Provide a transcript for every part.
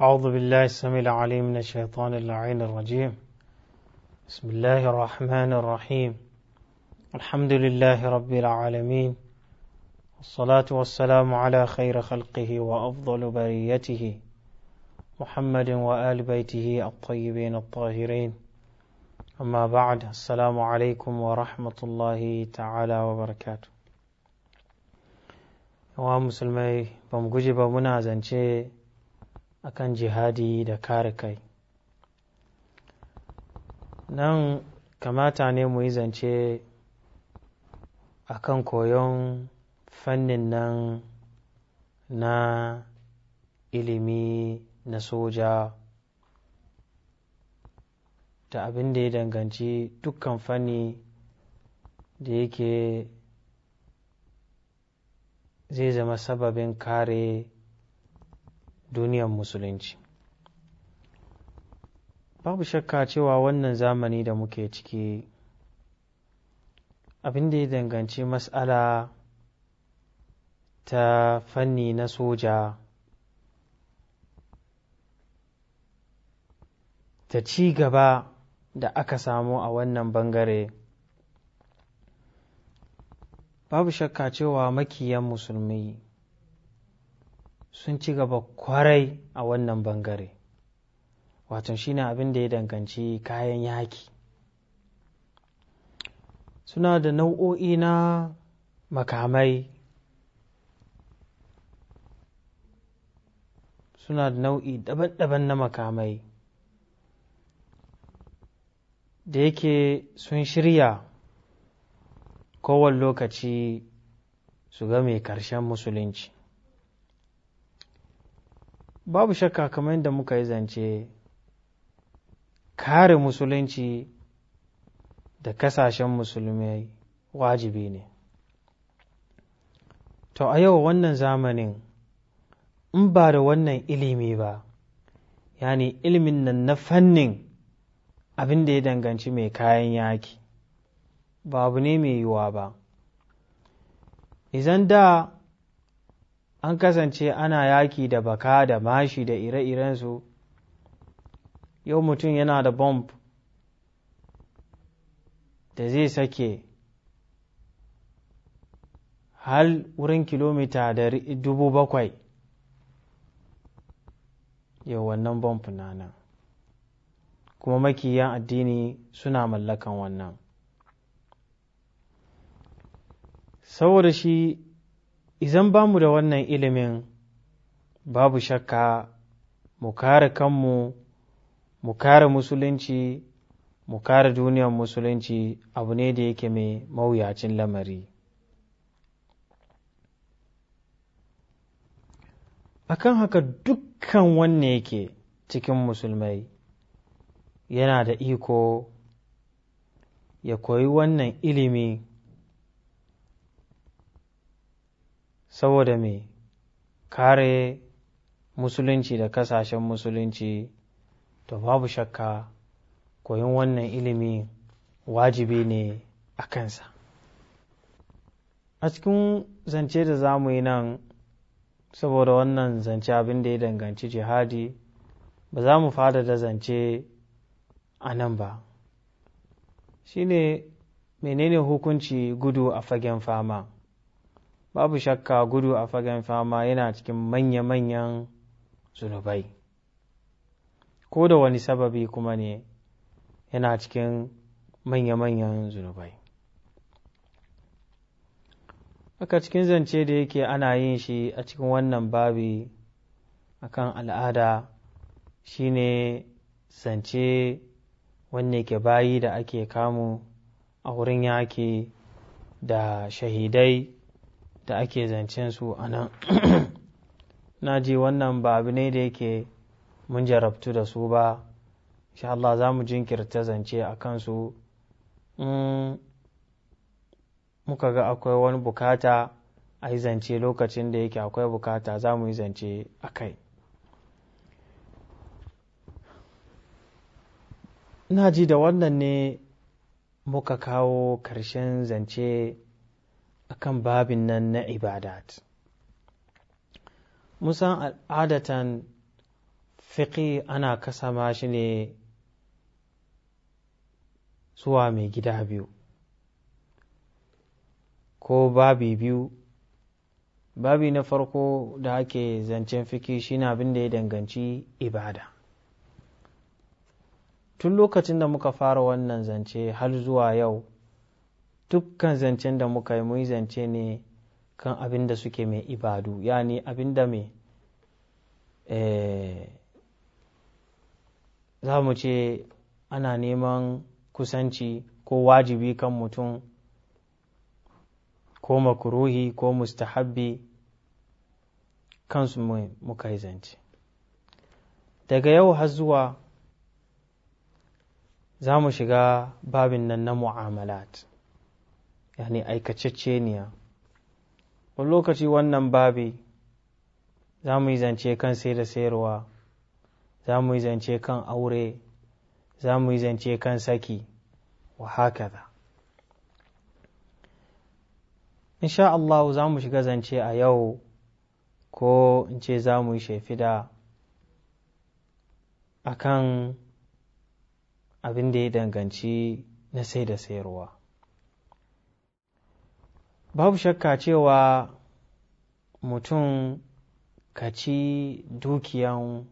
أعوذ بالله السميع العليم من الشيطان اللعين الرجيم بسم الله الرحمن الرحيم الحمد لله رب العالمين والصلاة والسلام على خير خلقه وأفضل بريته محمد وآل بيته الطيبين الطاهرين أما بعد السلام عليكم ورحمة الله تعالى وبركاته yawan musulmai ba mu akan jihadi da kare kai nan kamata ne mu yi zance akan koyon fannin nan na ilimi na soja da abin da ya danganci dukkan fanni da yake zai zama sababin kare duniyar musulunci babu shakka cewa wannan zamani da muke ciki abin da ya danganci matsala ta fanni na soja ta ci gaba da aka samu a wannan bangare babu shakka cewa makiyan musulmi sun ci gaba kwarai a wannan bangare wato shine abin da ya danganci kayan yaki suna da nau'o'i na makamai suna da nau'i daban-daban na makamai da yake sun shirya kowane lokaci su ga mai ƙarshen musulunci babu shakka kamar yadda muka yi zance kare musulunci da kasashen musulmai wajibi ne to a yau wannan zamanin in ba da wannan ilimi ba yani ilimin nan na fannin abin da ya danganci mai kayan yaki babu ne mai yiwuwa ba Izan da an kasance ana yaki da baka da mashi da ire-irensu yau mutum yana da bomb da zai sake hal wurin kilomita da dubu bakwai yau wannan bomb na nan kuma makiyan addini suna mallakan wannan saboda shi Izan ba mu da wannan ilimin babu shakka mu kare kanmu, mu kare musulunci, mu kare duniyar musulunci abu ne da yake mai mawuyacin lamari. Akan haka dukkan wanne yake cikin musulmai yana da iko ya koyi wannan ilimi saboda me kare musulunci da kasashen musulunci to babu shakka koyon wannan ilimi wajibi ne a kansa a cikin zance da za mu yi nan saboda wannan zance abin da ya danganci jihadi ba za mu fada da zance a nan ba shine menene hukunci gudu a fagen fama babu shakka gudu a fagen fama yana cikin manya-manyan zunubai ko da wani sababi kuma ne yana cikin manya-manyan zunubai aka cikin zance da yake ana yin shi a cikin wannan babi kan al'ada shine zance wanne ke bayi da ake kamu a wurin yaki da shahidai da ake zancen su a nan na ji wannan ba abu ne da yake mun jarabtu da su ba insha Allah za mu jinkirta zance a kansu in muka ga akwai wani bukata a yi zance lokacin da yake akwai bukata za mu yi zance a kai na ji da wannan ne muka kawo ƙarshen zance akan babin nan na ibadat musan al'adatan fiƙi ana kasama shi ne zuwa mai gida biyu ko babi biyu babi na farko da ake zancen fiki shine abin da ya danganci ibada tun lokacin da muka fara wannan zance har zuwa yau dukkan zancen da muka yi mun zance ne kan abin da suke mai ibadu yani abin da mai eh, za mu ce ana neman kusanci ko wajibi kan mutum ko makuruhi ko mustahabbi kansu muka yi zance daga yau har zuwa za mu shiga babin nan na mu'amalat yani aikacecceniya wani lokaci wannan babi za mu yi zance kan sai da sayarwa za mu yi zance kan aure za mu yi zance kan saki wa haka insha Allah za mu shiga zance a yau ko in ce za mu yi shafida a kan abin da ya danganci na sai da sayarwa babu shakka cewa mutum ka ci dukiya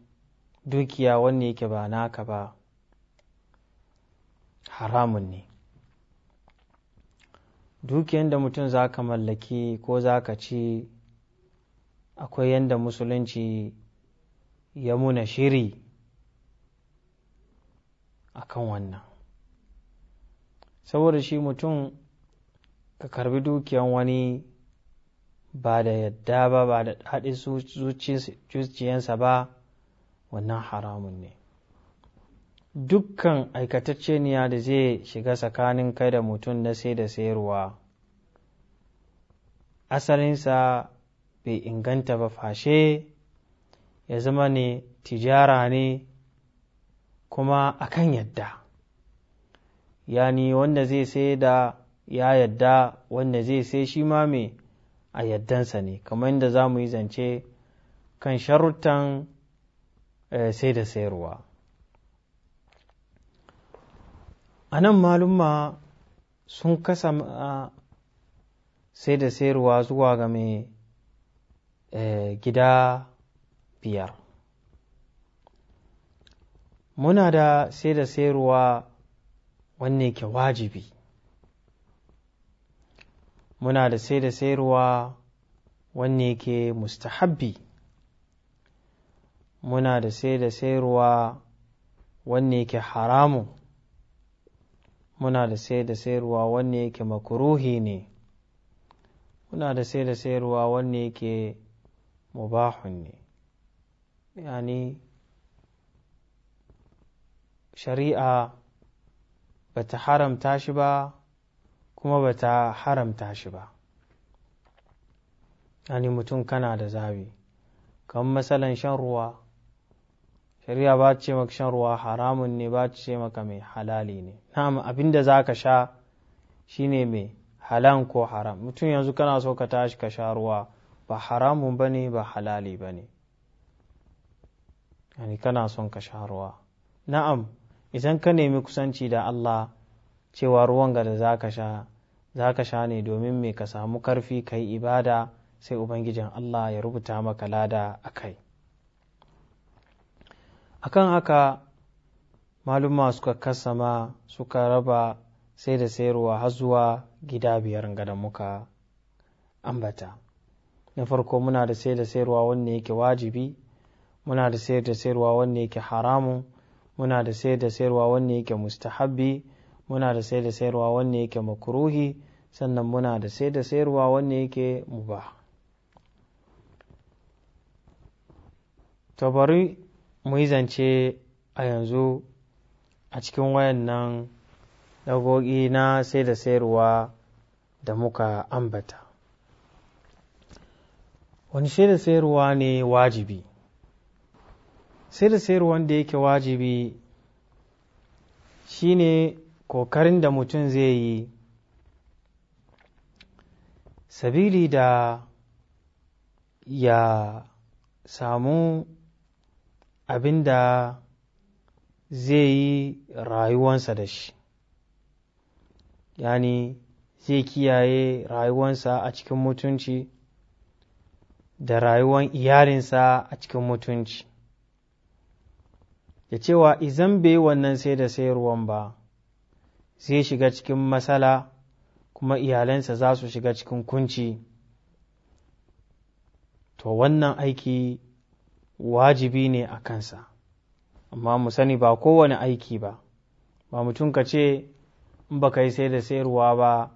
wanne yake ba naka ba haramun ne dukiyan da mutum za ka mallaki ko za ka ci akwai yadda musulunci ya muna shiri a wannan saboda shi mutum ka karbi dukiyan wani ba da yadda ba ba da haɗe zuciyansa ba wannan haramun ne dukkan aikatacceniya da zai shiga tsakanin kai da mutum na sai da sayarwa asalinsa bai inganta ba fashe ya zama ne tijara ne kuma akan yadda yani wanda zai sai da ya yadda wanda zai sai shi ma mai a yaddansa ne kamar yadda za mu yi zance kan sharuttan eh, sai da sayarwa a nan malumma sun kasa ah, sai da sayarwa zuwa ga mai eh, gida biyar muna da sai da sayarwa wanne ke wajibi muna da sai da sayarwa wanne ke mustahabbi muna da sai da sayarwa wanne ke haramun muna da sai da sayarwa wanne ke makuruhi ne muna da sai da sayarwa wanne ke mubahun ne yani shari'a ba ta haramta shi ba kuma ba ta haramta shi ba yani mutum kana da zabi kamar matsalan shan ruwa shari'a ba ce maka shan ruwa haramun ne ba ce maka mai halali ne na'am da za ka sha shine mai halan ko haram mutum yanzu kana so ka tashi ka sha ruwa ba haramun ba ne ba halali ba ne yani kana son ka sha ruwa na'am idan ka nemi kusanci da Allah cewa ruwan ga da za ka sha za ka sha ne domin me ka samu karfi ka yi ibada sai ubangijin Allah ya rubuta maka lada a kai akan haka maluma suka kasama suka raba sai da sayarwa har zuwa gida biyar gada muka ambata na farko muna da sai da sayarwa wanne yake wajibi muna da sayar da sayarwa wanne yake haramun muna da sayar da sayarwa wanne yake mustahabbi muna da sayar da sayarwa wanne yake makuruhi. sannan muna da sai da sayarwa wanne yake mu ba bari mu yi zance a yanzu a cikin wayannan dagogi na sai da sayarwa da muka ambata wani sai da sayarwa ne wajibi sai da sayarwan da yake wajibi shine kokarin da mutum zai yi sabili da ya samu abin da zai yi rayuwansa da shi yani zai kiyaye rayuwansa a cikin mutunci da rayuwan iyalinsa a cikin mutunci ya cewa izan bai wannan sai da sayarwan ba zai shiga cikin matsala kuma iyalansa za su shiga cikin kunci to wannan aiki wajibi ne a kansa amma mu sani ba kowane aiki ba ba mutum ka ce in ba ka yi sai da sayarwa ba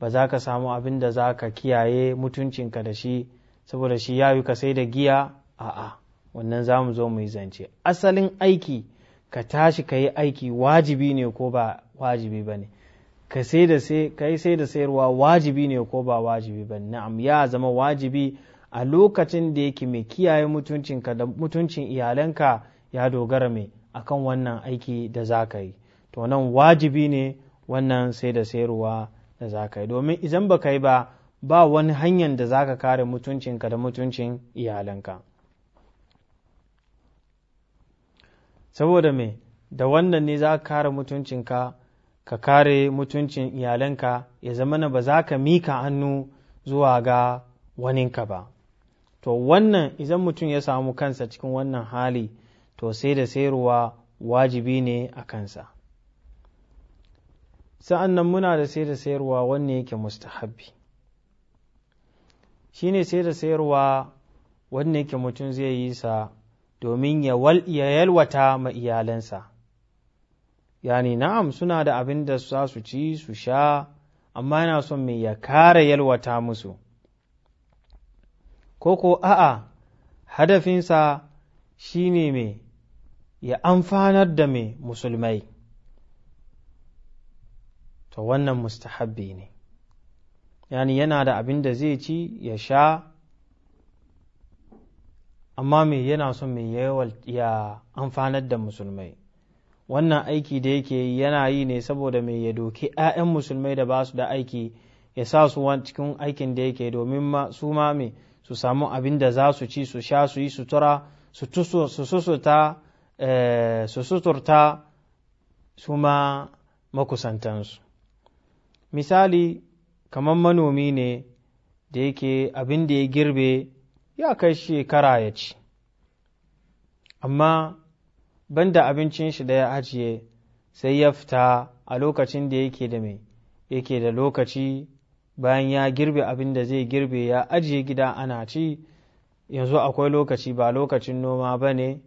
ba za ka samu abin da za ka kiyaye mutuncinka da shi saboda shi ya yi ka sai da giya a'a wannan za mu zo mu yi zance asalin aiki ka tashi ka yi aiki wajibi ne ko ba wajibi ba ne ka sai da sai kai sai da sayarwa wajibi ne ko ba wajibi ba na'am ya zama wajibi a lokacin da yake mai kiyaye mutuncinka da mutuncin iyalanka ya dogara mai akan wannan aiki da za yi to nan wajibi ne wannan sai da sayarwa da za yi domin idan ba ka yi ba ba wani hanyar da zaka ka kare mutuncinka da mutuncin iyalanka saboda me da wannan ne za ka kare mutuncinka ka kare mutuncin iyalanka ya zamana ba za ka mika hannu zuwa ga waninka ba to wannan idan mutum ya samu kansa cikin wannan hali to sai da sayarwa wajibi ne a kansa sa'an nan muna da sai da sayarwa wanne yake mustahabbi shi ne sai da sayarwa wanne yake mutum zai yi sa domin ya yalwata ma iyalansa yani na'am suna da abin da za su ci su sha amma yana son me ya kara yalwata musu ko ko a'a hadafinsa shine ne me ya amfanar da me musulmai to wannan mustahabbi ne yani yana da abin da zai ci ya sha amma me yana son me ya amfanar da musulmai wannan aiki da yake yi yana yi ne saboda mai ya doki 'ya'yan musulmai da ba su da aiki ya sa su cikin aikin da yake domin su ma me su samu abin da za su ci su sha su yi sutura eh, su suturta su ma makusantansu misali kamar manomi ne da yake abin da ya girbe ya kai shekara ya ci amma banda abincin shi da ya ajiye sai ya fita a lokacin da yake da mai yake da lokaci bayan ya girbe abin da zai girbe ya ajiye gida ana ci yanzu akwai lokaci ba lokacin noma ba ne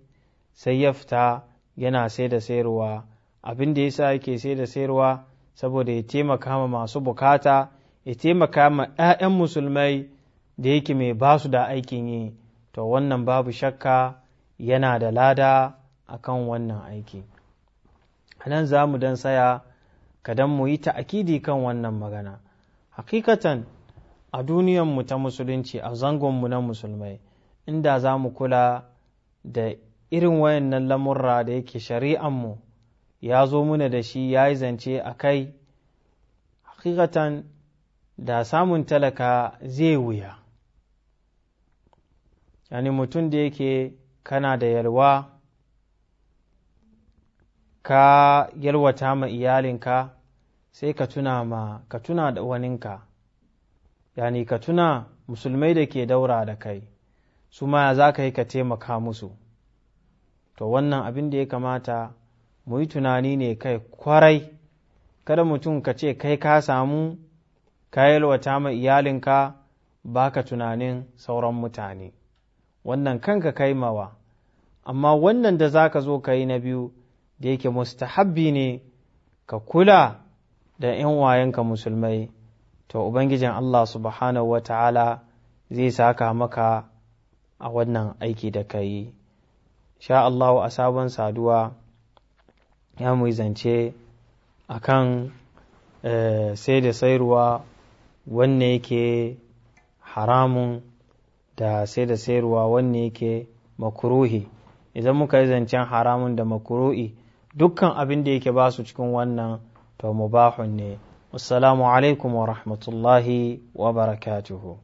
sai ya fita yana sai da sayarwa abin da ya sa yake sai da sayarwa saboda ya taimaka ma masu bukata ya taimaka ma 'ya'yan musulmai da yake mai basu da aikin yi to wannan babu shakka yana da lada akan wannan aiki nan za mu dan saya kadan mu yi ta'akidi kan wannan magana hakikatan a duniyanmu ta musulunci a zangonmu na musulmai inda za mu kula da irin wayannan lamurra da yake shari'anmu ya zo muna da shi ya yi zance a kai hakikatan da samun talaka zai wuya yani mutum da yake kana da yalwa ka yalwata ma iyalinka sai ka tuna ma ka tuna da waninka yani ka tuna musulmai da ke daura da kai su ma za ka yi ka taimaka musu to wannan abin da ya kamata mu yi tunani ne kai kwarai kada mutum ka ce kai ka samu ka yalwata ma iyalinka ba ka tunanin sauran mutane wannan kanka kai mawa amma wannan da za ka zo ka yi na biyu da yake mustahabbi ne ka kula da ‘yan wayanka musulmai, to Ubangijin Allah subhanahu wa ta'ala zai saka maka a wannan aiki da ka yi. Sha Allah a sabon saduwa ya mu zance a kan eh, sai da sayarwa wanne yake haramun da sai da sayarwa wanne yake makuruhi. Idan muka yi zancen haramun da makuruhi dukkan abin da yake ba su cikin wannan to mubahun ne assalamu alaikum wa rahmatullahi wa barakatuhu